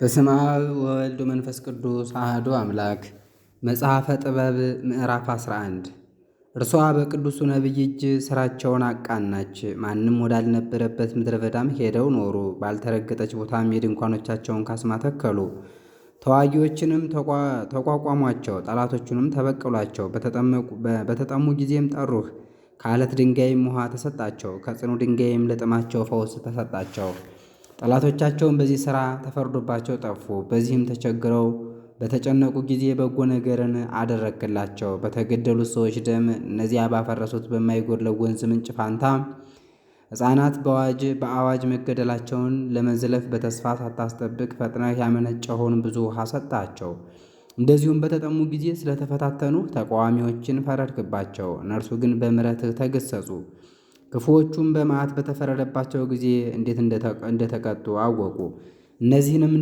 በስመ አብ ወወልድ መንፈስ ቅዱስ አህዶ አምላክ። መጽሐፈ ጥበብ ምዕራፍ 11 እርሷ በቅዱሱ ነቢይ እጅ ሥራቸውን አቃናች። ማንም ወዳልነበረበት ምድረ በዳም ሄደው ኖሩ። ባልተረገጠች ቦታም የድንኳኖቻቸውን ካስማ ተከሉ። ተዋጊዎችንም ተቋቋሟቸው፣ ጠላቶቹንም ተበቀሏቸው። በተጠሙ ጊዜም ጠሩህ። ከአለት ድንጋይም ውሃ ተሰጣቸው፣ ከጽኑ ድንጋይም ለጥማቸው ፈውስ ተሰጣቸው። ጠላቶቻቸውን በዚህ ሥራ ተፈርዶባቸው ጠፉ። በዚህም ተቸግረው በተጨነቁ ጊዜ በጎ ነገርን አደረክላቸው። በተገደሉት ሰዎች ደም እነዚያ ባፈረሱት በማይጎድለው ወንዝ ምንጭ ፋንታ ሕፃናት በአዋጅ በአዋጅ መገደላቸውን ለመዝለፍ በተስፋ ሳታስጠብቅ ፈጥነህ ያመነጨኸውን ብዙ ውሃ ሰጣቸው። እንደዚሁም በተጠሙ ጊዜ ስለተፈታተኑ ተቃዋሚዎችን ፈረድክባቸው። እነርሱ ግን በምረትህ ተገሰጹ። ክፉዎቹም በመዓት በተፈረደባቸው ጊዜ እንዴት እንደተቀጡ አወቁ። እነዚህንም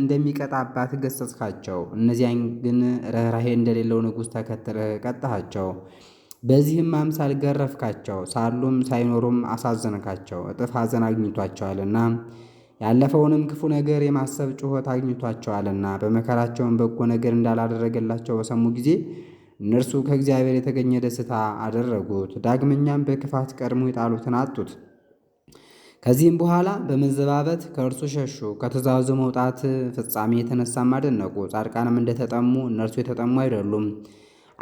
እንደሚቀጣባት ገሰጽካቸው። እነዚያን ግን ርኅራሄ እንደሌለው ንጉሥ ተከትለህ ቀጣሃቸው። በዚህም አምሳል ገረፍካቸው፣ ሳሉም ሳይኖሩም አሳዘንካቸው። እጥፍ ሐዘን አግኝቷቸዋልና ያለፈውንም ክፉ ነገር የማሰብ ጩኸት አግኝቷቸዋልና በመከራቸውን በጎ ነገር እንዳላደረገላቸው በሰሙ ጊዜ እነርሱ ከእግዚአብሔር የተገኘ ደስታ አደረጉት። ዳግመኛም በክፋት ቀድሞ የጣሉትን አጡት። ከዚህም በኋላ በመዘባበት ከእርሱ ሸሹ። ከተዛዙ መውጣት ፍጻሜ የተነሳም አደነቁ። ጻድቃንም እንደተጠሙ እነርሱ የተጠሙ አይደሉም።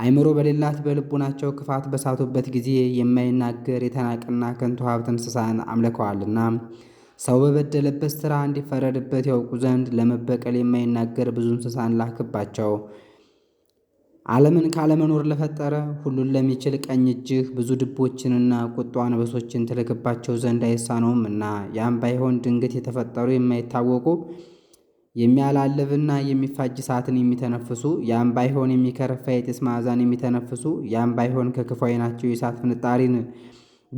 አይምሮ በሌላት በልቡናቸው ክፋት በሳቱበት ጊዜ የማይናገር የተናቅና ከንቱ ሀብት እንስሳን አምልከዋልና ሰው በበደለበት ሥራ እንዲፈረድበት ያውቁ ዘንድ ለመበቀል የማይናገር ብዙ እንስሳን ላክባቸው። ዓለምን ካለመኖር ለፈጠረ ሁሉን ለሚችል ቀኝ እጅህ ብዙ ድቦችንና ቁጡ አንበሶችን ትልክባቸው ዘንድ አይሳነውም እና ያም ባይሆን ድንገት የተፈጠሩ የማይታወቁ የሚያላልብና የሚፋጅ ሰዓትን የሚተነፍሱ ያም ባይሆን የሚከረፋ የጢስ ማዕዛን የሚተነፍሱ ያም ባይሆን ከክፉ ዓይናቸው የእሳት ፍንጣሪን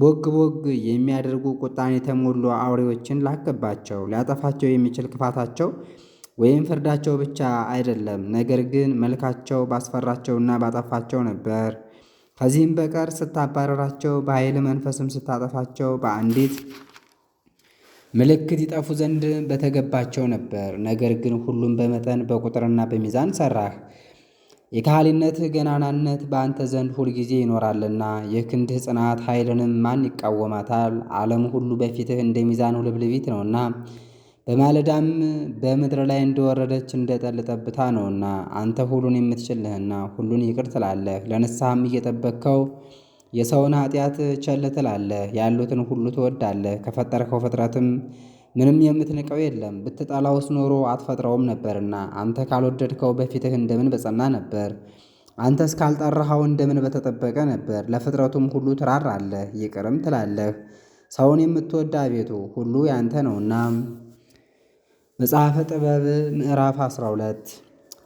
ቦግ ቦግ የሚያደርጉ ቁጣን የተሞሉ አውሬዎችን ላከባቸው ሊያጠፋቸው የሚችል ክፋታቸው ወይም ፍርዳቸው ብቻ አይደለም፣ ነገር ግን መልካቸው ባስፈራቸውና ባጠፋቸው ነበር። ከዚህም በቀር ስታባረራቸው በኃይል መንፈስም ስታጠፋቸው በአንዲት ምልክት ይጠፉ ዘንድ በተገባቸው ነበር። ነገር ግን ሁሉም በመጠን በቁጥርና በሚዛን ሰራህ። የካህሊነት ገናናነት በአንተ ዘንድ ሁልጊዜ ይኖራልና የክንድህ ጽናት ኃይልንም ማን ይቃወማታል? ዓለም ሁሉ በፊትህ እንደ ሚዛን ውልብልቢት ነውና በማለዳም በምድር ላይ እንደወረደች እንደ ጠል ጠብታ ነውና አንተ ሁሉን የምትችልህና ሁሉን ይቅር ትላለህ። ለንስሐም እየጠበቅከው የሰውን ኃጢአት ቸል ትላለህ። ያሉትን ሁሉ ትወዳለህ። ከፈጠርከው ፍጥረትም ምንም የምትንቀው የለም። ብትጠላውስ ኖሮ አትፈጥረውም ነበርና አንተ ካልወደድከው በፊትህ እንደምን በጸና ነበር። አንተ እስካልጠራኸው እንደምን በተጠበቀ ነበር። ለፍጥረቱም ሁሉ ትራራለህ፣ ይቅርም ትላለህ። ሰውን የምትወድ አቤቱ ሁሉ ያንተ ነውና መጽሐፈ ጥበብ ምዕራፍ 12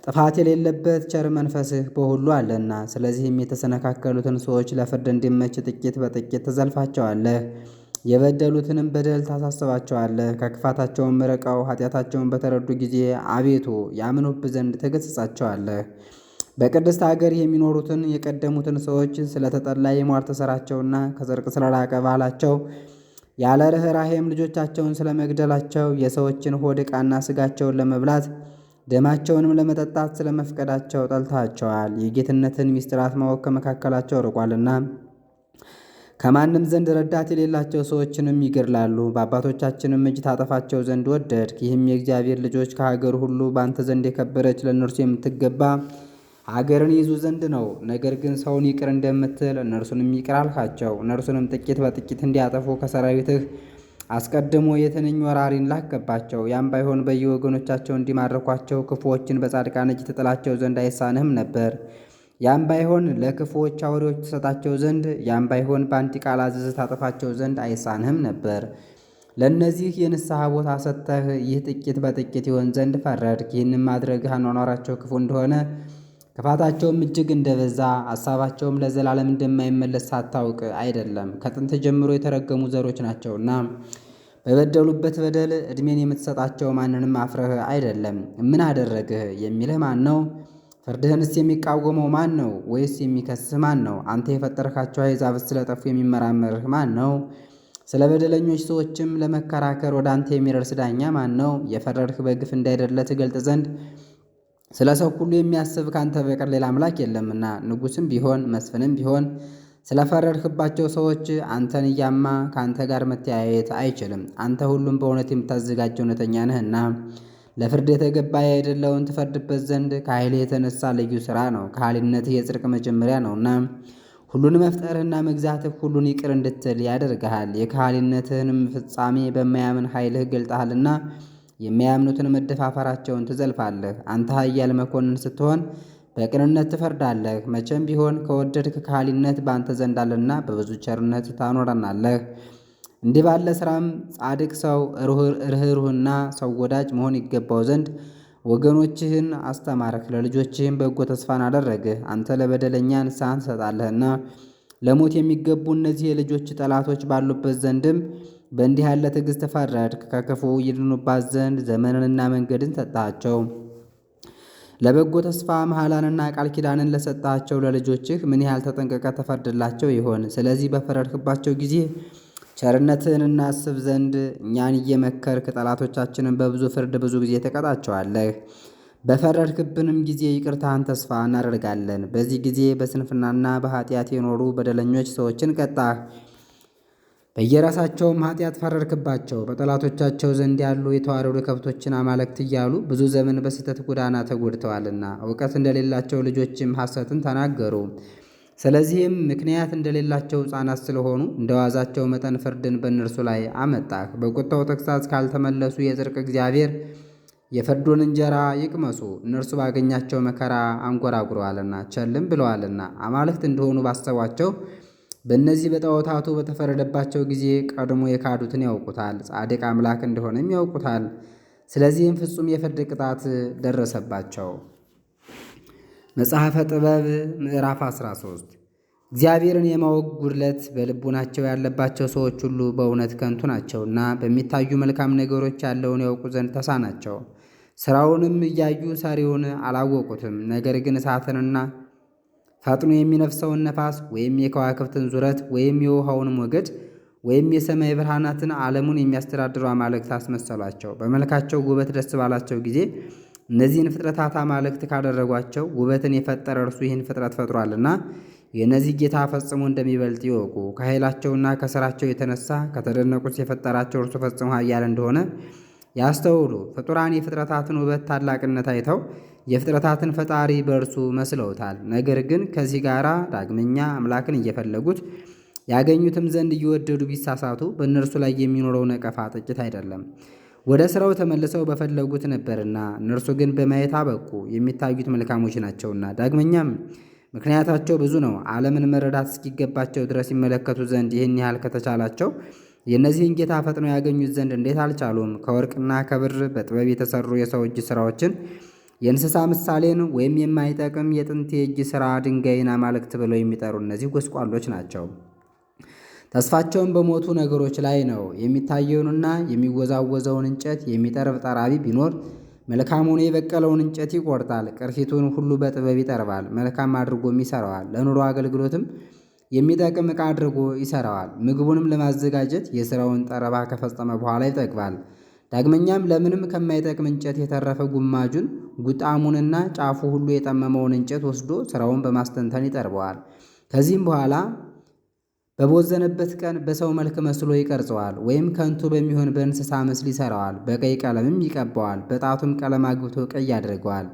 ጥፋት የሌለበት ቸር መንፈስህ በሁሉ አለና፣ ስለዚህም የተሰነካከሉትን ሰዎች ለፍርድ እንዲመች ጥቂት በጥቂት ትዘልፋቸዋለህ፣ የበደሉትንም በደል ታሳስባቸዋለህ። ከክፋታቸውም ርቀው ኃጢአታቸውን በተረዱ ጊዜ አቤቱ ያምኑብ ዘንድ ትገሥጻቸዋለህ። በቅድስት አገር የሚኖሩትን የቀደሙትን ሰዎች ስለተጠላ የሟርት ሥራቸውና ከጽርቅ ስለላቀ ባህላቸው ያለ ርኅራኄም ልጆቻቸውን ስለመግደላቸው የሰዎችን ሆድ ዕቃና ስጋቸውን ለመብላት ደማቸውንም ለመጠጣት ስለመፍቀዳቸው ጠልታቸዋል። የጌትነትን ሚስጥራት ማወቅ ከመካከላቸው ርቋልና ከማንም ዘንድ ረዳት የሌላቸው ሰዎችንም ይገድላሉ። በአባቶቻችንም እጅ ታጠፋቸው ዘንድ ወደድክ። ይህም የእግዚአብሔር ልጆች ከሀገር ሁሉ በአንተ ዘንድ የከበረች ለእነርሱ የምትገባ አገርን ይዙ ዘንድ ነው። ነገር ግን ሰውን ይቅር እንደምትል እነርሱንም ይቅር አልካቸው። እነርሱንም ጥቂት በጥቂት እንዲያጠፉ ከሰራዊትህ አስቀድሞ የትንኝ ወራሪን ላከባቸው። ያም ባይሆን በየወገኖቻቸው እንዲማረኳቸው ክፉዎችን በጻድቃን እጅ ትጥላቸው ዘንድ አይሳንህም ነበር። ያም ባይሆን ለክፉዎች አውሬዎች ትሰጣቸው ዘንድ፣ ያም ባይሆን በአንድ ቃል አዘዝ ታጠፋቸው ዘንድ አይሳንህም ነበር። ለእነዚህ የንስሐ ቦታ ሰጥተህ ይህ ጥቂት በጥቂት ይሆን ዘንድ ፈረድክ። ይህንም ማድረግህ አኗኗራቸው ክፉ እንደሆነ ክፋታቸውም እጅግ እንደበዛ ሀሳባቸውም ለዘላለም እንደማይመለስ ሳታውቅ አይደለም ከጥንት ጀምሮ የተረገሙ ዘሮች ናቸውና በበደሉበት በደል ዕድሜን የምትሰጣቸው ማንንም አፍረህ አይደለም። ምን አደረግህ የሚልህ ማን ነው? ፍርድህንስ የሚቃወመው ማን ነው? ወይስ የሚከስህ ማን ነው? አንተ የፈጠርካቸው አሕዛብስ ስለጠፉ የሚመራመርህ ማን ነው? ስለ በደለኞች ሰዎችም ለመከራከር ወደ አንተ የሚደርስ ዳኛ ማን ነው? የፈረድህ በግፍ እንዳይደለ ትገልጥ ዘንድ ስለ ሰው ሁሉ የሚያስብ ካንተ በቀር ሌላ አምላክ የለምና ንጉስም ቢሆን መስፍንም ቢሆን ስለፈረድክባቸው ሰዎች አንተን እያማ ከአንተ ጋር መተያየት አይችልም። አንተ ሁሉም በእውነት የምታዘጋጀው እውነተኛ ነህና ለፍርድ የተገባ የሌለውን ትፈርድበት ዘንድ ከኃይል የተነሳ ልዩ ሥራ ነው። ከኃይልነትህ የጽድቅ መጀመሪያ ነውና ሁሉን መፍጠርህና መግዛትህ ሁሉን ይቅር እንድትል ያደርግሃል። የከሃሊነትህንም ፍጻሜ በማያምን ኃይልህ ገልጠሃልና የሚያምኑትን መደፋፈራቸውን ትዘልፋለህ። አንተ ኃያል መኮንን ስትሆን በቅንነት ትፈርዳለህ። መቼም ቢሆን ከወደድክ ከሃሊነት በአንተ ዘንድ አለና በብዙ ቸርነት ታኖረናለህ። እንዲህ ባለ ስራም ጻድቅ ሰው ርኅሩህና ሰው ወዳጅ መሆን ይገባው ዘንድ ወገኖችህን አስተማርክ፣ ለልጆችህም በጎ ተስፋን አደረግህ። አንተ ለበደለኛ ንስሐን ትሰጣለህና ለሞት የሚገቡ እነዚህ የልጆች ጠላቶች ባሉበት ዘንድም በእንዲህ ያለ ትዕግሥት ፈረድክ፣ ከክፉ ይድኑባት ዘንድ ዘመንንና መንገድን ሰጣቸው። ለበጎ ተስፋ መሐላንና ቃል ኪዳንን ለሰጣቸው ለልጆችህ ምን ያህል ተጠንቀቀ ተፈርድላቸው ይሆን? ስለዚህ በፈረድክባቸው ጊዜ ቸርነትን እናስብ ዘንድ እኛን እየመከርክ ጠላቶቻችንን በብዙ ፍርድ ብዙ ጊዜ ተቀጣቸዋለህ በፈረድክብንም ጊዜ ይቅርታህን ተስፋ እናደርጋለን። በዚህ ጊዜ በስንፍናና በኃጢአት የኖሩ በደለኞች ሰዎችን ቀጣህ። በየራሳቸውም ኃጢአት ፈረድክባቸው። በጠላቶቻቸው ዘንድ ያሉ የተዋረዱ ከብቶችን አማልክት እያሉ ብዙ ዘመን በስህተት ጎዳና ተጎድተዋልና እውቀት እንደሌላቸው ልጆችም ሐሰትን ተናገሩ። ስለዚህም ምክንያት እንደሌላቸው ሕፃናት ስለሆኑ እንደ ዋዛቸው መጠን ፍርድን በእነርሱ ላይ አመጣህ። በቁጣው ተግሣጽ ካልተመለሱ የጽድቅ እግዚአብሔር የፍርዱን እንጀራ ይቅመሱ። እነርሱ ባገኛቸው መከራ አንጎራጉረዋልና ቸልም ብለዋልና አማልክት እንደሆኑ ባሰቧቸው በእነዚህ በጣዖታቱ በተፈረደባቸው ጊዜ ቀድሞ የካዱትን ያውቁታል፣ ጻድቅ አምላክ እንደሆነም ያውቁታል። ስለዚህም ፍጹም የፍርድ ቅጣት ደረሰባቸው። መጽሐፈ ጥበብ ምዕራፍ 13 እግዚአብሔርን የማወቅ ጉድለት በልቡናቸው ያለባቸው ሰዎች ሁሉ በእውነት ከንቱ ናቸውና በሚታዩ መልካም ነገሮች ያለውን ያውቁ ዘንድ ተሳናቸው። ሥራውንም እያዩ ሰሪውን አላወቁትም። ነገር ግን እሳትንና ፈጥኖ የሚነፍሰውን ነፋስ ወይም የከዋክብትን ዙረት ወይም የውሃውን ሞገድ ወይም የሰማይ ብርሃናትን ዓለሙን የሚያስተዳድሩ አማልክት አስመሰሏቸው። በመልካቸው ውበት ደስ ባላቸው ጊዜ እነዚህን ፍጥረታት አማልክት ካደረጓቸው ውበትን የፈጠረ እርሱ ይህን ፍጥረት ፈጥሯልና የእነዚህ ጌታ ፈጽሞ እንደሚበልጥ ይወቁ። ከኃይላቸውና ከስራቸው የተነሳ ከተደነቁት የፈጠራቸው እርሱ ፈጽሞ ኃያል እንደሆነ ያስተውሉ። ፍጡራን የፍጥረታትን ውበት ታላቅነት አይተው የፍጥረታትን ፈጣሪ በእርሱ መስለውታል። ነገር ግን ከዚህ ጋር ዳግመኛ አምላክን እየፈለጉት ያገኙትም ዘንድ እየወደዱ ቢሳሳቱ በእነርሱ ላይ የሚኖረው ነቀፋ ጥቂት አይደለም። ወደ ሥራው ተመልሰው በፈለጉት ነበርና እነርሱ ግን በማየት አበቁ፣ የሚታዩት መልካሞች ናቸውና። ዳግመኛም ምክንያታቸው ብዙ ነው። ዓለምን መረዳት እስኪገባቸው ድረስ ይመለከቱ ዘንድ ይህን ያህል ከተቻላቸው የእነዚህን ጌታ ፈጥነው ያገኙት ዘንድ እንዴት አልቻሉም? ከወርቅና ከብር በጥበብ የተሰሩ የሰው እጅ ሥራዎችን የእንስሳ ምሳሌን ወይም የማይጠቅም የጥንት የእጅ ሥራ ድንጋይን አማልክት ብለው የሚጠሩ እነዚህ ጎስቋሎች ናቸው። ተስፋቸውን በሞቱ ነገሮች ላይ ነው። የሚታየውንና የሚወዛወዘውን እንጨት የሚጠርብ ጠራቢ ቢኖር ሆኖ የበቀለውን እንጨት ይቆርጣል። ቅርፊቱን ሁሉ በጥበብ ይጠርባል፣ መልካም አድርጎም ይሰራዋል። ለኑሮ አገልግሎትም የሚጠቅም ዕቃ አድርጎ ይሰራዋል። ምግቡንም ለማዘጋጀት የሥራውን ጠረባ ከፈጸመ በኋላ ይጠግባል። ዳግመኛም ለምንም ከማይጠቅም እንጨት የተረፈ ጉማጁን ጉጣሙንና ጫፉ ሁሉ የጠመመውን እንጨት ወስዶ ስራውን በማስተንተን ይጠርበዋል። ከዚህም በኋላ በቦዘነበት ቀን በሰው መልክ መስሎ ይቀርጸዋል፣ ወይም ከንቱ በሚሆን በእንስሳ ምስል ይሰራዋል። በቀይ ቀለምም ይቀባዋል። በጣቱም ቀለም አግብቶ ቀይ ያደርገዋል።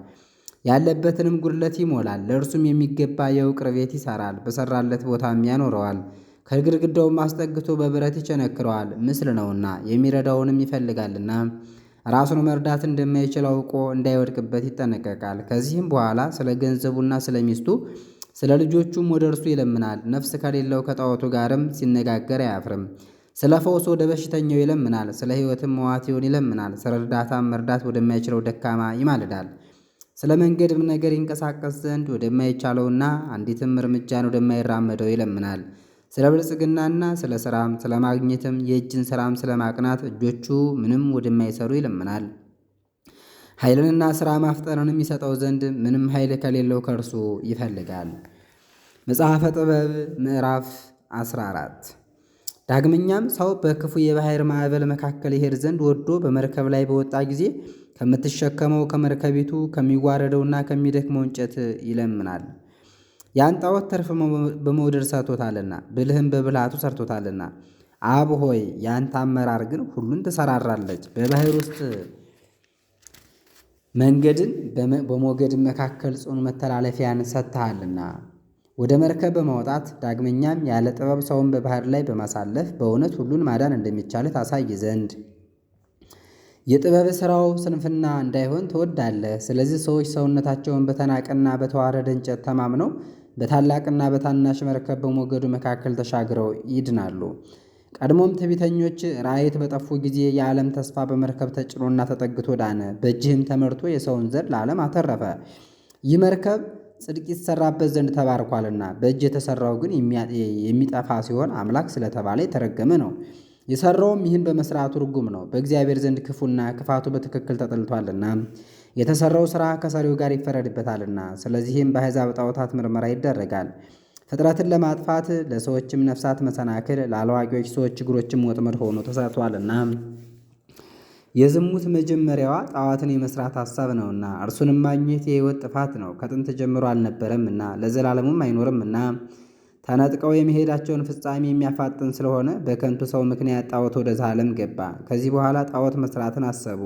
ያለበትንም ጉድለት ይሞላል። ለእርሱም የሚገባ የውቅር ቤት ይሰራል። በሰራለት ቦታም ያኖረዋል። ከግድግዳውም አስጠግቶ በብረት ይቸነክረዋል፣ ምስል ነውና የሚረዳውንም ይፈልጋልና ራሱን መርዳት እንደማይችል አውቆ እንዳይወድቅበት ይጠነቀቃል። ከዚህም በኋላ ስለ ገንዘቡና ስለ ሚስቱ ስለ ልጆቹም ወደ እርሱ ይለምናል። ነፍስ ከሌለው ከጣዖቱ ጋርም ሲነጋገር አያፍርም። ስለ ፈውስ ወደ በሽተኛው ይለምናል። ስለ ሕይወትም መዋቲውን ይለምናል። ስለ እርዳታም መርዳት ወደማይችለው ደካማ ይማልዳል። ስለ መንገድም ነገር ይንቀሳቀስ ዘንድ ወደማይቻለውና አንዲትም እርምጃን ወደማይራመደው ይለምናል። ስለ ብልጽግናና ስለ ሥራም ስለ ማግኘትም የእጅን ሥራም ስለ ማቅናት እጆቹ ምንም ወደማይሰሩ ይለምናል። ኃይልንና ሥራ ማፍጠርንም ይሰጠው ዘንድ ምንም ኃይል ከሌለው ከእርሱ ይፈልጋል። መጽሐፈ ጥበብ ምዕራፍ 14 ዳግመኛም ሰው በክፉ የባሕር ማዕበል መካከል ይሄድ ዘንድ ወዶ በመርከብ ላይ በወጣ ጊዜ ከምትሸከመው ከመርከቢቱ ከሚዋረደውና ከሚደክመው እንጨት ይለምናል። ያን ጣዖት ተርፍ በመውደድ ሰርቶታልና ብልህም በብልሃቱ ሰርቶታልና። አብ ሆይ ያንተ አመራር ግን ሁሉን ትሰራራለች። በባህር ውስጥ መንገድን በሞገድ መካከል ጽኑ መተላለፊያን ሰጥተሃልና ወደ መርከብ በማውጣት ዳግመኛም ያለ ጥበብ ሰውን በባህር ላይ በማሳለፍ በእውነት ሁሉን ማዳን እንደሚቻል ታሳይ ዘንድ የጥበብ ስራው ስንፍና እንዳይሆን ትወዳለህ። ስለዚህ ሰዎች ሰውነታቸውን በተናቀና በተዋረደ እንጨት ተማምነው በታላቅና በታናሽ መርከብ በሞገዱ መካከል ተሻግረው ይድናሉ። ቀድሞም ትዕቢተኞች ራእይት በጠፉ ጊዜ የዓለም ተስፋ በመርከብ ተጭኖና ተጠግቶ ዳነ። በእጅህም ተመርቶ የሰውን ዘር ለዓለም አተረፈ። ይህ መርከብ ጽድቅ ይሰራበት ዘንድ ተባርኳልና፣ በእጅ የተሰራው ግን የሚጠፋ ሲሆን አምላክ ስለተባለ የተረገመ ነው። የሰራውም ይህን በመስራቱ ርጉም ነው። በእግዚአብሔር ዘንድ ክፉና ክፋቱ በትክክል ተጠልቷልና የተሰራው ሥራ ከሰሪው ጋር ይፈረድበታልና፣ ስለዚህም በአሕዛብ ጣዖታት ምርመራ ይደረጋል። ፍጥረትን ለማጥፋት ለሰዎችም ነፍሳት መሰናክል፣ ለአላዋቂዎች ሰዎች እግሮችም ወጥመድ ሆኖ ተሰርቷልና የዝሙት መጀመሪያዋ ጣዖትን የመስራት ሐሳብ ነውና እርሱንም ማግኘት የሕይወት ጥፋት ነው። ከጥንት ጀምሮ እና ለዘላለሙም አይኖርም እና ተነጥቀው የመሄዳቸውን ፍጻሜ የሚያፋጥን ስለሆነ በከንቱ ሰው ምክንያት ጣዖት ወደ ዘላለም ገባ። ከዚህ በኋላ ጣዖት መስራትን አሰቡ።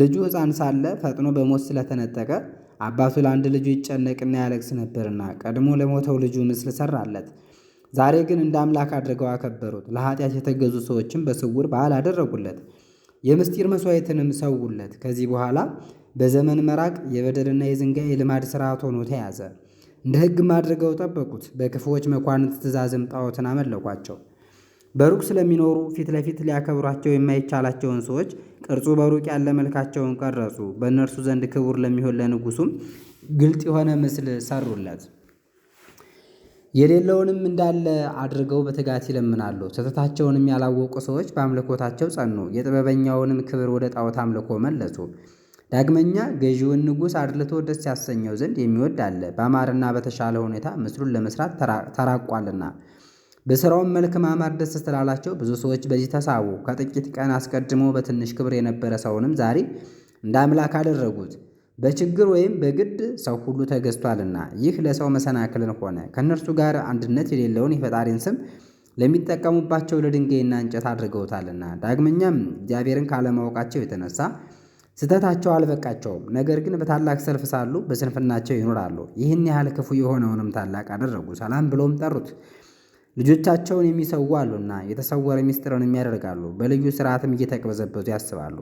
ልጁ ሕፃን ሳለ ፈጥኖ በሞት ስለተነጠቀ አባቱ ለአንድ ልጁ ይጨነቅና ያለቅስ ነበርና ቀድሞ ለሞተው ልጁ ምስል ሰራለት ዛሬ ግን እንደ አምላክ አድርገው አከበሩት። ለኃጢአት የተገዙ ሰዎችም በስውር በዓል አደረጉለት፣ የምስጢር መሥዋዕትንም ሰውለት። ከዚህ በኋላ በዘመን መራቅ የበደልና የዝንጋይ የልማድ ሥርዓት ሆኖ ተያዘ። እንደ ሕግም አድርገው ጠበቁት። በክፉዎች መኳንንት ትእዛዝም ጣዖትን አመለኳቸው። በሩቅ ስለሚኖሩ ፊት ለፊት ሊያከብሯቸው የማይቻላቸውን ሰዎች ቅርጹ በሩቅ ያለ መልካቸውን ቀረጹ። በእነርሱ ዘንድ ክቡር ለሚሆን ለንጉሱም ግልጥ የሆነ ምስል ሰሩለት። የሌለውንም እንዳለ አድርገው በትጋት ይለምናሉ። ስህተታቸውንም ያላወቁ ሰዎች በአምልኮታቸው ጸኑ። የጥበበኛውንም ክብር ወደ ጣዖት አምልኮ መለሱ። ዳግመኛ ገዢውን ንጉሥ አድልቶ ደስ ያሰኘው ዘንድ የሚወድ አለ። በአማርና በተሻለ ሁኔታ ምስሉን ለመስራት ተራቋልና በሥራውም መልክ ማማር ደስ ስላላቸው ብዙ ሰዎች በዚህ ተሳቡ። ከጥቂት ቀን አስቀድሞ በትንሽ ክብር የነበረ ሰውንም ዛሬ እንደ አምላክ አደረጉት። በችግር ወይም በግድ ሰው ሁሉ ተገዝቷልና ይህ ለሰው መሰናክልን ሆነ። ከእነርሱ ጋር አንድነት የሌለውን የፈጣሪን ስም ለሚጠቀሙባቸው ለድንጋይና እንጨት አድርገውታልና። ዳግመኛም እግዚአብሔርን ካለማወቃቸው የተነሳ ስህተታቸው አልበቃቸውም። ነገር ግን በታላቅ ሰልፍ ሳሉ በስንፍናቸው ይኖራሉ። ይህን ያህል ክፉ የሆነውንም ታላቅ አደረጉ። ሰላም ብሎም ጠሩት። ልጆቻቸውን የሚሰዉ አሉና የተሰወረ ምስጢርንም ያደርጋሉ፣ በልዩ ስርዓትም እየተቅበዘበዙ ያስባሉ።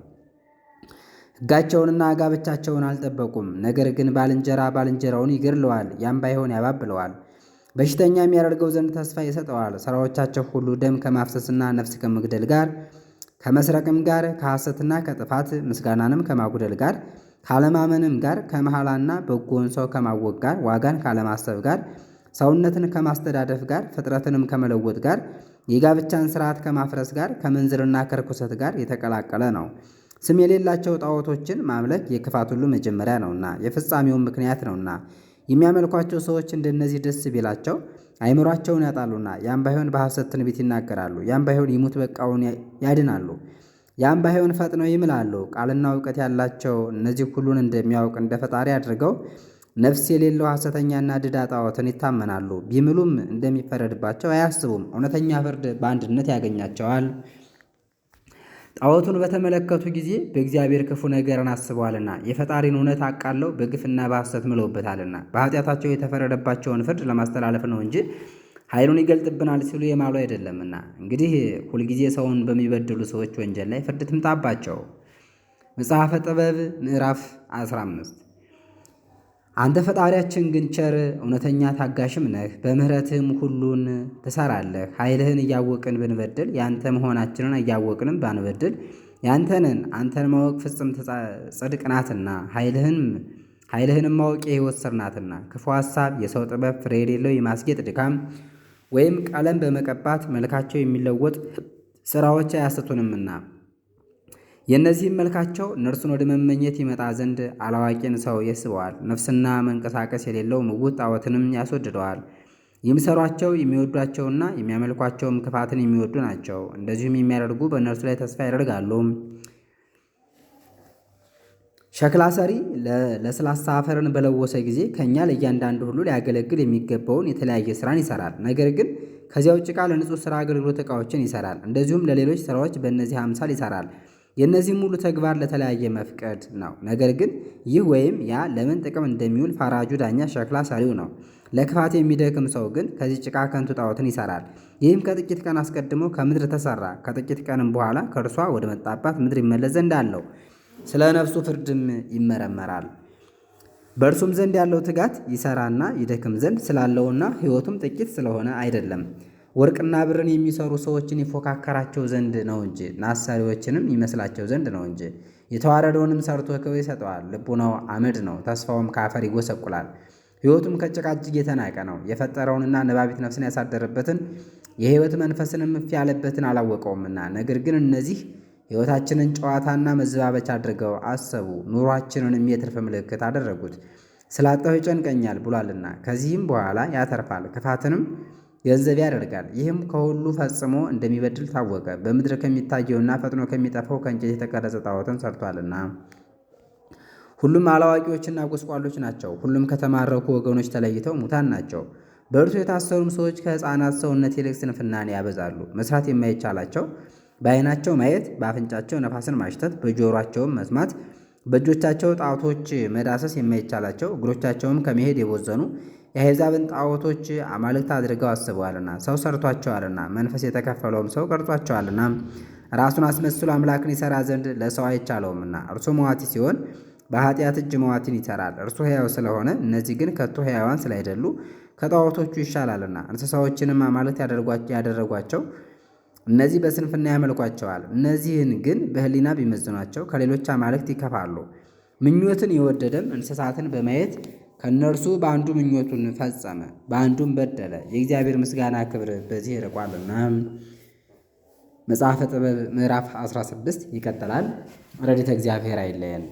ሕጋቸውንና ጋብቻቸውን አልጠበቁም። ነገር ግን ባልንጀራ ባልንጀራውን ይገድለዋል፣ ያም ባይሆን ያባብለዋል፣ በሽተኛ የሚያደርገው ዘንድ ተስፋ ይሰጠዋል። ስራዎቻቸው ሁሉ ደም ከማፍሰስና ነፍስ ከመግደል ጋር ከመስረቅም ጋር ከሐሰትና ከጥፋት ምስጋናንም ከማጉደል ጋር ካለማመንም ጋር ከመሐላና በጎን ሰው ከማወቅ ጋር ዋጋን ካለማሰብ ጋር ሰውነትን ከማስተዳደፍ ጋር ፍጥረትንም ከመለወጥ ጋር የጋብቻን ስርዓት ከማፍረስ ጋር ከምንዝርና ከርኩሰት ጋር የተቀላቀለ ነው። ስም የሌላቸው ጣዖቶችን ማምለክ የክፋት ሁሉ መጀመሪያ ነውና የፍጻሜውን ምክንያት ነውና የሚያመልኳቸው ሰዎች እንደነዚህ ደስ ቢላቸው አይምሯቸውን ያጣሉና ያም ባይሆን በሐሰት ትንቢት ይናገራሉ። ያም ባይሆን ይሙት በቃውን ያድናሉ። ያም ባይሆን ፈጥነው ይምላሉ። ቃልና እውቀት ያላቸው እነዚህ ሁሉን እንደሚያውቅ እንደ ፈጣሪ አድርገው ነፍስ የሌለው ሐሰተኛና ድዳ ጣዖትን ይታመናሉ። ቢምሉም እንደሚፈረድባቸው አያስቡም። እውነተኛ ፍርድ በአንድነት ያገኛቸዋል። ጣዖቱን በተመለከቱ ጊዜ በእግዚአብሔር ክፉ ነገርን አስበዋልና የፈጣሪን እውነት አቃለው በግፍና በሐሰት ምለውበታልና በኃጢአታቸው የተፈረደባቸውን ፍርድ ለማስተላለፍ ነው እንጂ ኃይሉን ይገልጥብናል ሲሉ የማሉ አይደለምና። እንግዲህ ሁልጊዜ ሰውን በሚበድሉ ሰዎች ወንጀል ላይ ፍርድ ትምጣባቸው። መጽሐፈ ጥበብ ምዕራፍ 15 አንተ ፈጣሪያችን ግን ቸር እውነተኛ ታጋሽም ነህ፣ በምሕረትህም ሁሉን ትሰራለህ። ኃይልህን እያወቅን ብንበድል ያንተ መሆናችንን እያወቅንም ባንበድል ያንተንን አንተን ማወቅ ፍጽም ጽድቅ ናትና ኃይልህንም ማወቅ የሕይወት ስር ናትና። ክፉ ሐሳብ፣ የሰው ጥበብ፣ ፍሬ የሌለው የማስጌጥ ድካም ወይም ቀለም በመቀባት መልካቸው የሚለወጥ ስራዎች አያስቱንምና የእነዚህም መልካቸው ነርሱን ወደ መመኘት ይመጣ ዘንድ አላዋቂን ሰው የስበዋል። ነፍስና መንቀሳቀስ የሌለው ምውት ጣዖትንም ያስወድደዋል። የሚሰሯቸው የሚወዷቸውና የሚያመልኳቸውም ክፋትን የሚወዱ ናቸው። እንደዚሁም የሚያደርጉ በእነርሱ ላይ ተስፋ ያደርጋሉ። ሸክላ ሰሪ ለስላሳ አፈርን በለወሰ ጊዜ ከእኛ ለእያንዳንዱ ሁሉ ሊያገለግል የሚገባውን የተለያየ ስራን ይሰራል። ነገር ግን ከዚያ ውጭ ቃ ስራ አገልግሎት ዕቃዎችን ይሰራል። እንደዚሁም ለሌሎች ስራዎች በእነዚህ አምሳል ይሰራል። የእነዚህም ሁሉ ተግባር ለተለያየ መፍቀድ ነው። ነገር ግን ይህ ወይም ያ ለምን ጥቅም እንደሚውል ፈራጁ ዳኛ ሸክላ ሰሪው ነው። ለክፋት የሚደክም ሰው ግን ከዚህ ጭቃ ከንቱ ጣዖትን ይሰራል። ይህም ከጥቂት ቀን አስቀድሞ ከምድር ተሰራ፣ ከጥቂት ቀንም በኋላ ከእርሷ ወደ መጣባት ምድር ይመለስ ዘንድ አለው። ስለ ነፍሱ ፍርድም ይመረመራል። በእርሱም ዘንድ ያለው ትጋት ይሰራና ይደክም ዘንድ ስላለውና ሕይወቱም ጥቂት ስለሆነ አይደለም። ወርቅና ብርን የሚሰሩ ሰዎችን ይፎካከራቸው ዘንድ ነው እንጂ ናሳሪዎችንም ይመስላቸው ዘንድ ነው እንጂ። የተዋረደውንም ሰርቶ ክብር ይሰጠዋል። ልቡናው አመድ ነው፣ ተስፋውም ከአፈር ይጎሰቁላል። ሕይወቱም ከጭቃ እጅግ የተናቀ ነው። የፈጠረውንና ንባቢት ነፍስን ያሳደረበትን የሕይወት መንፈስንም እፍ ያለበትን አላወቀውምና። ነገር ግን እነዚህ ሕይወታችንን ጨዋታና መዘባበቻ አድርገው አሰቡ፣ ኑሯችንንም የትርፍ ምልክት አደረጉት። ስላጣሁ ይጨንቀኛል ብሏልና ከዚህም በኋላ ያተርፋል ክፋትንም ገንዘብ ያደርጋል። ይህም ከሁሉ ፈጽሞ እንደሚበድል ታወቀ። በምድር ከሚታየውና ፈጥኖ ከሚጠፋው ከእንጨት የተቀረጸ ጣዖትን ሰርቷልና። ሁሉም አላዋቂዎችና ቁስቋሎች ናቸው። ሁሉም ከተማረኩ ወገኖች ተለይተው ሙታን ናቸው። በእርሱ የታሰሩም ሰዎች ከሕፃናት ሰውነት ይልቅ ስንፍናን ያበዛሉ። መስራት የማይቻላቸው በዓይናቸው ማየት፣ በአፍንጫቸው ነፋስን ማሽተት፣ በጆሯቸውም መስማት፣ በእጆቻቸው ጣቶች መዳሰስ የማይቻላቸው እግሮቻቸውም ከመሄድ የቦዘኑ የአሕዛብን ጣዖቶች አማልክት አድርገው አስበዋልና ሰው ሰርቷቸዋልና መንፈስ የተከፈለውም ሰው ቀርጿቸዋልና ራሱን አስመስሎ አምላክን ይሠራ ዘንድ ለሰው አይቻለውምና እርሱ መዋቲ ሲሆን በኃጢአት እጅ መዋቲን ይሠራል። እርሱ ሕያው ስለሆነ እነዚህ ግን ከቶ ሕያዋን ስላይደሉ ከጣዖቶቹ ይሻላልና እንስሳዎችንም አማልክት ያደረጓቸው እነዚህ በስንፍና ያመልኳቸዋል። እነዚህን ግን በሕሊና ቢመዝኗቸው ከሌሎች አማልክት ይከፋሉ። ምኞትን የወደደም እንስሳትን በማየት ከእነርሱ በአንዱ ምኞቱን ፈጸመ፣ በአንዱም በደለ። የእግዚአብሔር ምስጋና ክብር በዚህ ይርቋልና። መጽሐፈ ጥበብ ምዕራፍ 16 ይቀጥላል። ረድኤተ እግዚአብሔር አይለየን።